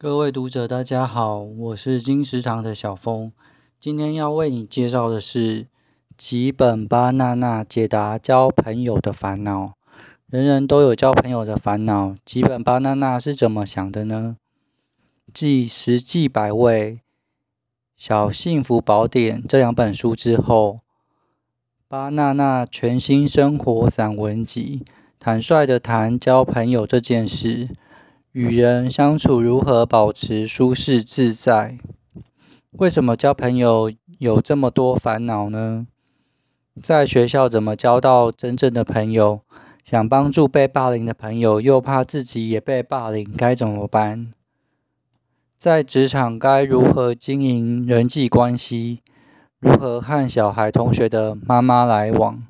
各位讀者，大家好，我是金石堂的小峰。今天要為你介紹的是吉本芭娜娜解答交朋友的煩惱。人人都有交朋友的煩惱，吉本芭娜娜是怎麼想的呢？繼《食記百味小幸福寶典》這兩本書之後，《芭娜娜全新生活散文集》坦率地談交朋友這件事。與人相處如何保持舒適自在？為什麼交朋友有這麼多煩惱呢？在學校怎麼交到真正的朋友？想幫助被霸凌的朋友，又怕自己也被霸凌，該怎麼辦？在職場該如何經營人際關係？如何和小孩同學的媽媽來往？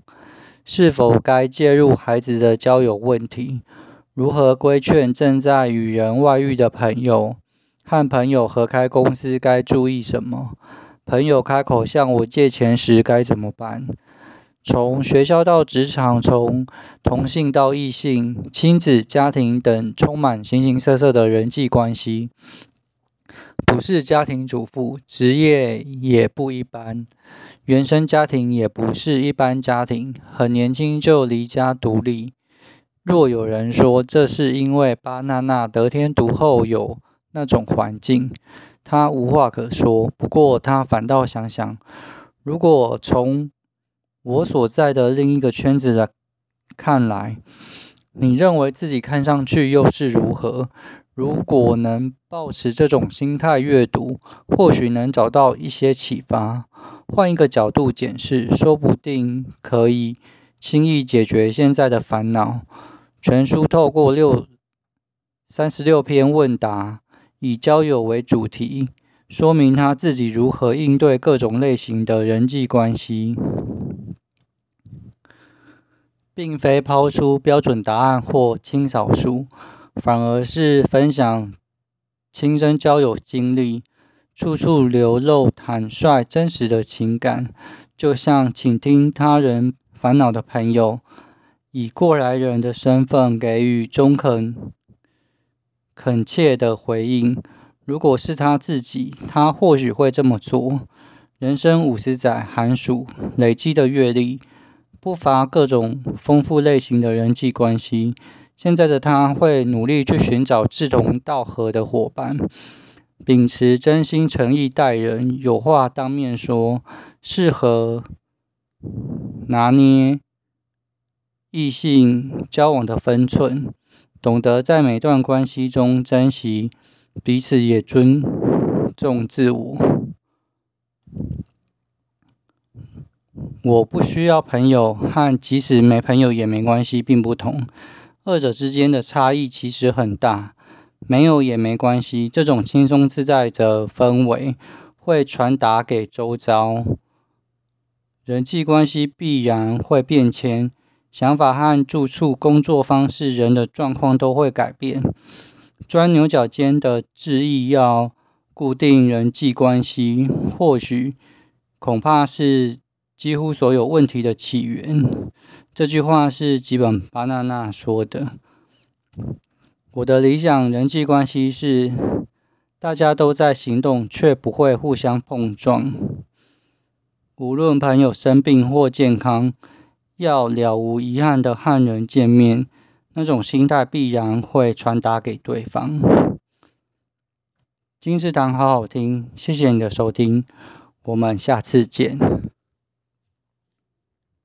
是否該介入孩子的交友問題？如何規勸正在與人外遇的朋友？和朋友合開公司該注意什麼？朋友開口向我借錢時該怎麼辦？從學校到職場，從同性到異性，親子、家庭等充滿形形色色的人際關係。不是家庭主婦，職業也不一般，原生家庭也不是一般家庭，很年輕就離家獨立。若有人說這是因為芭娜娜得天獨厚有那種環境，她無話可說。不過她反倒想想，如果從我所在的另一個圈子來看來，你認為自己看上去又是如何？如果能保持這種心態閱讀，或許能找到一些啟發。換一個角度解釋，說不定可以輕易解決現在的煩惱。全書透過六三十六篇問答，以交友為主題，說明她自己如何應對各種類型的人際關係，並非拋出標準答案或清掃術，反而是分享親身交友經歷，處處流露坦率真實的情感，就像傾聽他人煩惱的朋友。以過來人的身份給予中肯、懇切的回應。如果是她自己，她或許會這麼做。人生五十載寒暑，累積的閱歷不乏各種豐富類型的人際關係。現在的她會努力去尋找志同道合的伙伴，秉持真心誠意待人，有話當面說，適當拿捏。異性交往的分寸，懂得在每段關係中珍惜彼此，也注重自我。我不需要朋友，和即使沒朋友也沒關係，並不同。二者之間的差異其實很大。沒有也沒關係，這種輕鬆自在的氛圍會傳達給周遭，人際關係必然會變遷。想法和住處、工作方式、人的狀況都會改變。鑽牛角尖的執意要固定人際關係，或許恐怕是幾乎所有問題的起源。這句話是吉本芭娜娜說的。我的理想人際關係是，大家都在行動，卻不會互相碰撞。無論朋友生病或健康。要了無遺憾的和人見面，那種心態必然會傳達給對方。金石堂，好好聽，謝謝你的收聽，我們下次見。